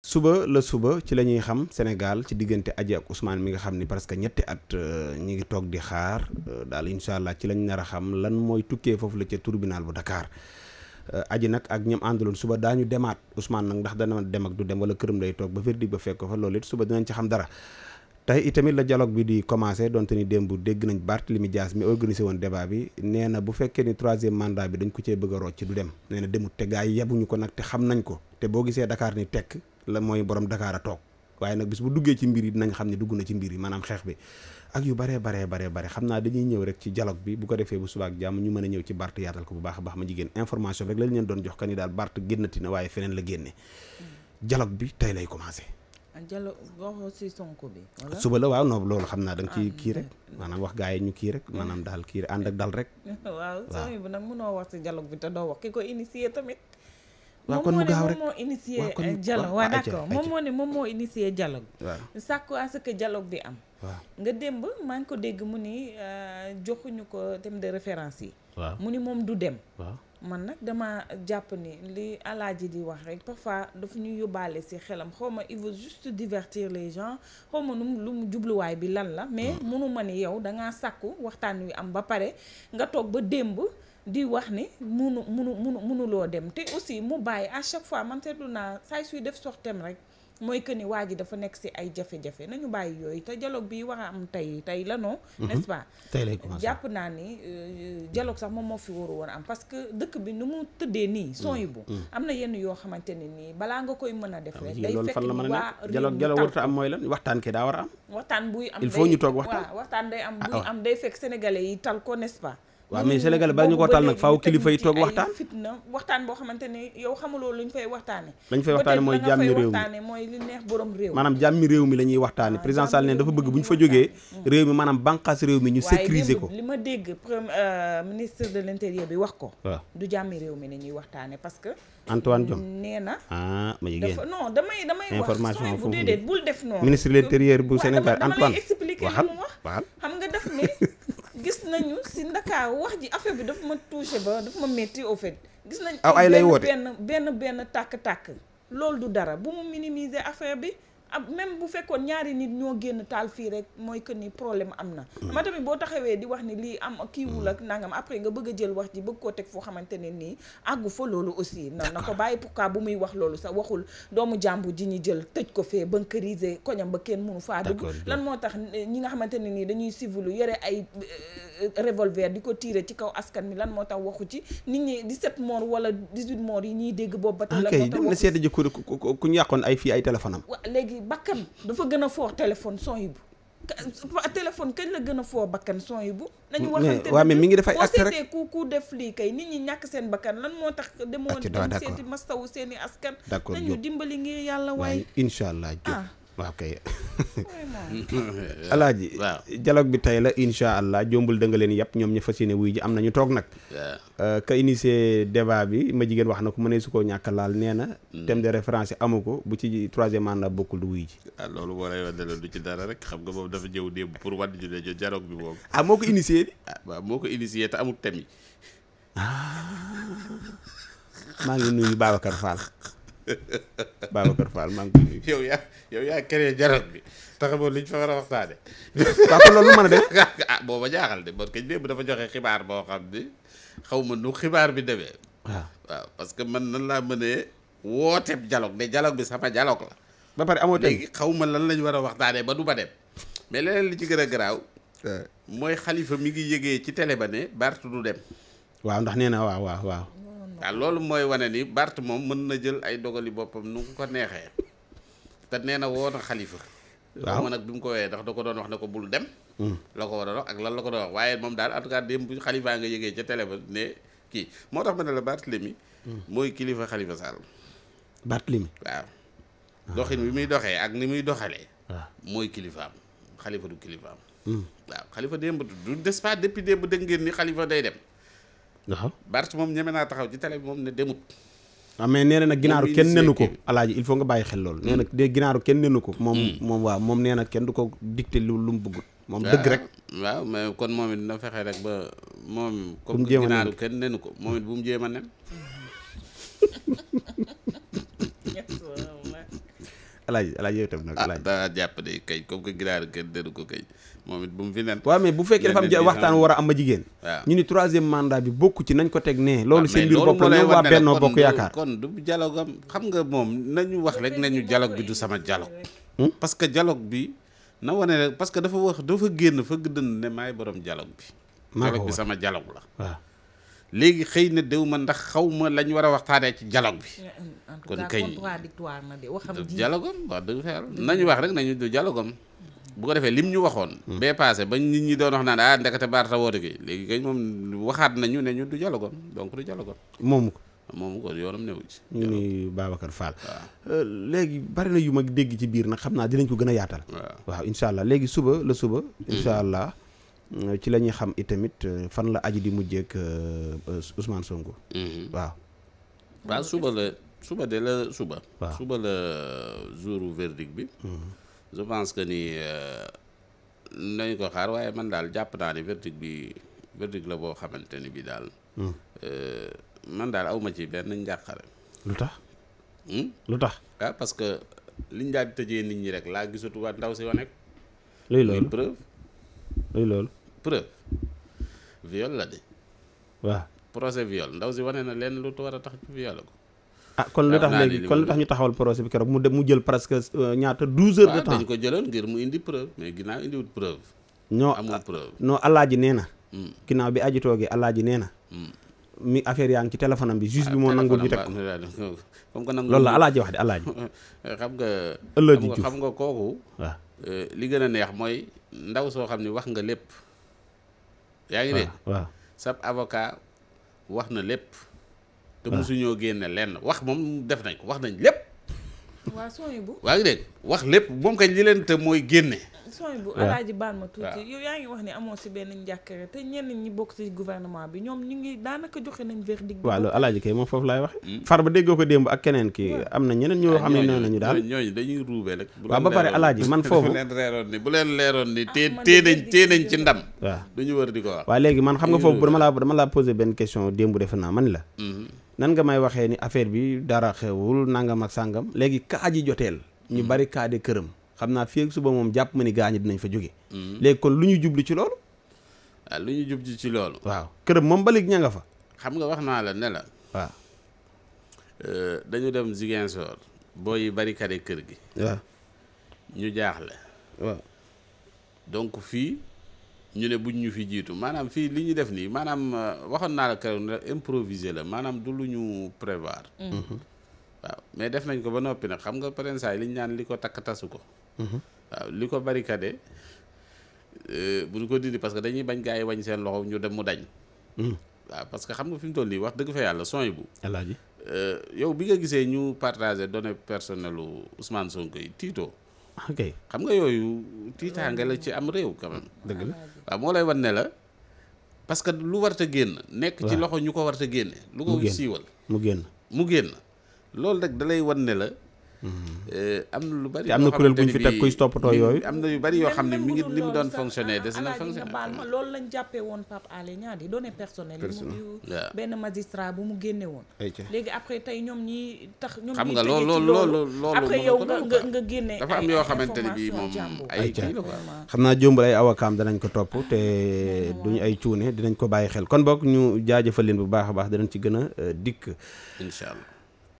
suba la suba ci la ñuy xam Sénégal ci diggante Adji ak Ousmane mi nga xam ni presque ñetti at euh, ñi ngi toog di xaar euh, daal incha allah ci lañ nar a xam lan mooy tukkee foofu la ca tribunal bu Dakar euh, Adji nag ak ñam àndaloon suba daañu demaat Ousmane nag ndax dana dem ak du dem wala këram lay toog ba verdict ba fekk fa loolu suba dinañ ci xam dara. tey itamit la dialogue bi di commencé donte ni démb dégg nañ Barthélemy Dias mi organisé woon débat bi nee na bu fekkee ni troisième mandat bi dañ ko cee bëgg a rocc dem nee na demut te yebuñu ko nag te xam nañ ko te boo gisee Dakar ni tekk la mooy borom Dakar a toog waaye nag bis bu duggee ci mbir yi dinañ xam ne dugg na ci mbir yi maanaam xeex bi ak yu baree baree baree bare xam naa dañuy ñëw rek ci dialogue bi bu ko defee bu a a baax ma jigéen information bi la génne dialogue bi tey lay commencé ah, suba la waaw non loolu xam naa da nga ah, kii rek maanaam wax gaa yi ñu kii rek maanaam daal kii ànd ak dal rek waaw kon mu gaaw rek moom moo initié dialogue waaw d'accord moom moo ne moom moo initié dialogue waaw sàkku à que dialogue bi am waaw nga démb maa ngi ko dégg mu ni euh, joxuñu ko thème de référence yi mu ni moom du dem man nag dama jàpp ni li ji di wax rek parfois dafa ñu yóbbaale si xelam xaw ma il veut juste divertir les gens xaw ma lu mu jubluwaay bi lan la mais mënu ma ni yow dangaa sàkku waxtaan wi am ba pare nga toog ba démb di wax ne munu munu munu munuloo dem te aussi mu bàyyi à chaque fois man seetlu naa saay suy def sortem rek mooy que ni waa ji dafa nekk si ay jafe-jafe nañu bàyyi yooyu te dialogue bi war a am tey tey la non mhm. n'est-ce pas tey lay commencé jàpp naa ni euh, dialogue sax moom moo fi waru woon am parce que dëkk bi nu mu tëddee nii son mhm. yi bu mhm. am na yenn yoo xamante ne nii balaa nga koy mën a def ah, rek day fekk waa dialogue dialogue warut a am mooy lan waxtaan kee daa war a am waxtaan buy am il faut ñu toog waxtaan waxtaan day am ah, buy ah. am day fekk sénégalais yi tal ko n'est-ce pas waaw mais Sénégal ba ñu ko taal nag faaw kilifa yi toog waxtaan fitna waxtaan boo xamante ne yow xamuloo luñ fay waxtaane lañ fay waxtaane mooy jàmmi réew mi mooy li réew maanaam jàmmi réew mi la ñuy waxtaane ah, président Sall ne dafa bëgg bu ñu fa jógee réew mi maanaam mi ñu sécuriser ko li ma dégg premier euh, ministre de l'intérieur bi wax ko waaw du jàmmi réew mi la ñuy waxtaane parce que Antoine Diome nee na ah ma jigéen dafa non damay damay wax sooy def noonu ministre de l'intérieur bu Sénégal Antoine waxal xam nga def ni gis nañu si ndakaaru wax ji affaire bi dafa ma touché ba dafa ma métti au gis nañ aw ah, ay lay woote benn benn benn tàkk-tàkk. loolu du dara bu mu minimiser affaire bi. ab même bu fekkoon ñaari nit ñoo génn taal fii rek mooy que nii problème am na. Hmm. ma boo taxawee di wax ni lii am kiiwul hmm. ak nangam après nga bëgg a jël wax ji bëgg koo teg foo xamante ne nii àggu fa loolu aussi. na na ko bàyyi pourquoi bu muy wax loolu sax waxul doomu jàmbu ji ñu jël tëj ko fee bancarisé koñam ba kenn mënu faa dugg. lan moo tax ñi nga xamante ne nii dañuy civilu yore ay euh, revolver di ko tiire ci kaw askan mi lan moo tax waxu ci nit ñi 17 morts wala 18 morts yi ñuy dégg boobu. ba ah, tax waxu ok dem na seeti ay fii ay téléphone yi bakkan dafa gën a foor téléphone son yi bu téléphone kañ la gën a foor bakkan son yi bu nañu waxante waaw mais mi ngi def ay acte rek boo seetee ku ku def lii kay nit ñi ñàkk seen bakkan lan moo tax demoon ah, tam seeti mastawu seen i askan d'accord nañu dimbali ngir yàlla waaye incha allah waaw kay alaaji jaloog bi tey la incha allah jombul da leen yàpp ñoom ña fas yéene wuy ji am na ñu toog nag euh, ka initié débat bi ma jigéen wax na ko mënee su ko ñàkk laal nee na mm. thème de référence amu ko bu ci troisième mandat bokkul du wuy ji ah loolu moo lay wane loolu du ci dara rek xam nga moom dafa jëw démb pour wàdd ju ne dialogue bi moom ah moo ko initié bi ah, moo ko initié te amul thème ah. maa ngi nuyu Babacar Fall Babacar Fall maa ngi koy nuyu. yow yaa yow yaa créé jaral bi taxawoon liñ fa war a waxtaane. papa loolu mën a dem. a ah, booba jaaxal de parce que démb dafa joxe xibaar boo xam ni xaw ma nu xibaar bi demee. waaw parce que man nan laa mënee wooteeb dialogue ne dialogue bi sama dialogue la. ba pare amoo tey xaw ma lan lañ war a waxtaanee ba du ma dem. mais leneen li ci gën a garaaw. Euh. mooy xalifa mi ngi yëgee ci télé ba ne Barth du dem. waaw ndax nee waaw waaw. waaw loolu mooy wane ni Barth moom mën na jël ay dogali boppam nu ko neexee te nee na woon a xalifa waaw ma nag bi mu ko wooyee ndax da ko doon wax ne ko bul dem hmm. la ko war a wax ak lan la ko doon wax waaye moom daal en tout cas démb xalifaa nga yëgee ca télé ba kii moo tax ma ne la Barthélemy hmm. mooy kilifa Khalifa Sall Barthélemy waaw ah. doxin muy doxee ak ni muy doxalee ah. mooy kilifaam xalifa du kilifaam hmm. waaw xalifa démb du des pas depuis démb dégg ngeen ni xalifa day dem waaw Barth moom ñeme naa taxaw ci télé bi moom ne demut. waaw ah, mais nee na nag ginaaru kenn nenu ko alaaji il faut nga bàyyi xel loolu nee na mm. de ginaaru kenn nenu ko moom mm. moom waaw moom neena kenn du ko dicté lu lu mu bëggut moom ah, dëgg rek waaw mais kon moom it na fexe rek ba moom comme ginaaru kenn nenu ko moom it bu mu jéem a nen alaaji alaaji yow tam nag ah, alaaji daa jàpp de kay comme que giraar kenn dëru ko kay moom it bu mu fi nen waaw mais bu fekkee dafa am waxtaan war a am ma jigéen waaw ñu ni troisième mandat bi bokku ci nañ ko teg nee loolu ah, seen mbir bopp la waa bennoo bokk yaakaar kon du dialogue am xam nga moom nañu wax rek nañu dialogue bi du sama dialogue hmm? parce que dialogue bi na wane rek parce que dafa wax dafa génn fëgg dënd ne maay borom dialogue bi dialogue bi sama dialogue la waaw léegi xëy na déw ma ndax xaw ma lañ war a waxtaanee ci dialogue bi. Eh, kon kay contradictoire na de waxam ji dialogue am wax dëgg fa wax rek nañu du dialogue am bu ko defee lim ñu waxoon. Hmm. bee paase ba nit ñi doon wax naan ah ndekete baar ta woote gi léegi kay moom waxaat nañu ne ñu du dialogue am donc du dialogue am. moomu ko. moom ko yoonam newu ci. ñu ni Babacar Fall. Euh, léegi bari na yu mag dégg ci biir nag xam naa dinañ ko gën a yaatal. waaw incha allah léegi suba la suba. incha hmm. allah. ci la ñuy xam itamit euh, fan la aji di mujjee ak euh, euh, Ousmane Sonko. Mhm. waaw. waaw suba la suba de la suba. waaw suba la jouru verdict bi. Mhm. je pense que ni nañ ko xaar waaye man daal jàpp naa ne verdict bi verdict la boo xamante ni bi daal. Mhm. man daal awma ci benn njàqare. lu tax. Hmm? lu tax. ah parce que liñ daal di tëjee nit ñi rek laa gisatu waa ndaw si wa nekk. luy loolu luy loolu. preuve viol la de. waaw procès viol ndaw si wane na lenn lu war a tax ci viol ko. ah kon lu tax léegi kon lu tax ñu taxawal procès bi keroog mu de mu jël presque euh, ñaata 12 heures de temps. dañ ko jëloon ngir mu indi preuve mais ginnaaw ah, na. Hmm. ginnaaw bi aji toogee alaaji nee na. Hmm. mi affaire yaa ngi ci téléphone bi juge bi ah, moo nangul ñu teg ko loolu la alaaji wax de alaaji xam nga ëllëg ji xam nga kooku euh, li gën a neex mooy ndaw soo xam ne wax nga lépp yaa ngi de waaw sab avocat wax na lépp te mosuñoo génne lenn wax moom def nañ ko wax nañ lépp waaw sooy bu waaw dégg wax lépp moom kañ li leen te mooy génne. sooy bu alaaji baal ma tuuti yow yaa ngi wax ne amoo si benn njàkkare te ñenn ñi bokk si gouvernement bi ñoom ñu ngi daanaka joxe nañ verdict. di loolu alaaji kay moom foofu laay wax. Hmm. far ba déggoo ko démb ak keneen ki am na ñeneen ñoo ah, xam ne noonu la ñu daal ñooñu dañuy ruubee rek. waaw ba pare alaaji man foofu bu leen leeroon ni bu leen leeroon ni ah, tee tee nañ tee nañ ci ndam. waaw du ñu di ko wax. léegi man xam nga foofu dama laa dama laa posé benn question démb defe naa man la hmm. nan nga may waxee ni affaire bi dara xewul nangam ak sàngam léegi kaa ji joteel ñu mm-hmm. bari kaa këram xam naa fii ak suba moom jàpp ma ni gaañi dinañ fa jóge mm-hmm. léegi kon lu ñu jublu ci loolu waaw ah, lu ñu jublu ci loolu waaw këram moom ba léegi ña nga fa xam nga wax naa la ne la waaw euh, dañu dem Ziguinchor booy yi barricade kër gi waaw ñu jaaxle waaw donc fii ñu ne buñ ñu fi jiitu maanaam fii li ñu def nii maanaam euh, waxoon naa la keroog ne improviser la maanaam du lu ñu prévoir. Mm-hmm. waaw mais def nañ ko ba noppi nag xam nga li ñu naan li ko takk tasu ko. Mm-hmm. waaw li ko barricadé euh, bu ñu ko dindi parce que dañuy bañ gars yi wañ seen loxo ñu dem mu dañ. Mm-hmm. waaw parce que xam nga fi mu toll nii wax dëgg fa yàlla sony bu. alaaji euh, yow bi nga gisee ñu partagé données personnelles Ousmane Sonko yi tiito. ok xam nga yooyu tiitaange la ci am réew quand même. la waaw moo lay wan ne la parce que lu warta génn. nekk ci loxo ñu ko warta génne. lu ko siiwal mu génn mu génn. loolu rek da wan ne Euh, am lu bari. am na kuréel bu ñu fi teg kuy toppatoo yooyu. am na yu bari yoo xam ne mu ngi li mu doon fonctionner des na fonctionner baal ma loolu lañ jàppee woon Pape Alé Niang di données personnelles. yu benn magistrat bu mu génne woon. léegi après tey ñoom ñi tax. ñoom xam nga loolu loolu loolu après yow nga nga génne am yoo xamante ne bii moom xam naa jombal ay awakaam danañ ko topp te duñu ay cuune dinañ ko bàyyi xel kon boog ñu jaajëfal leen bu baax a baax danañ ci gën a euh, dikk incha allah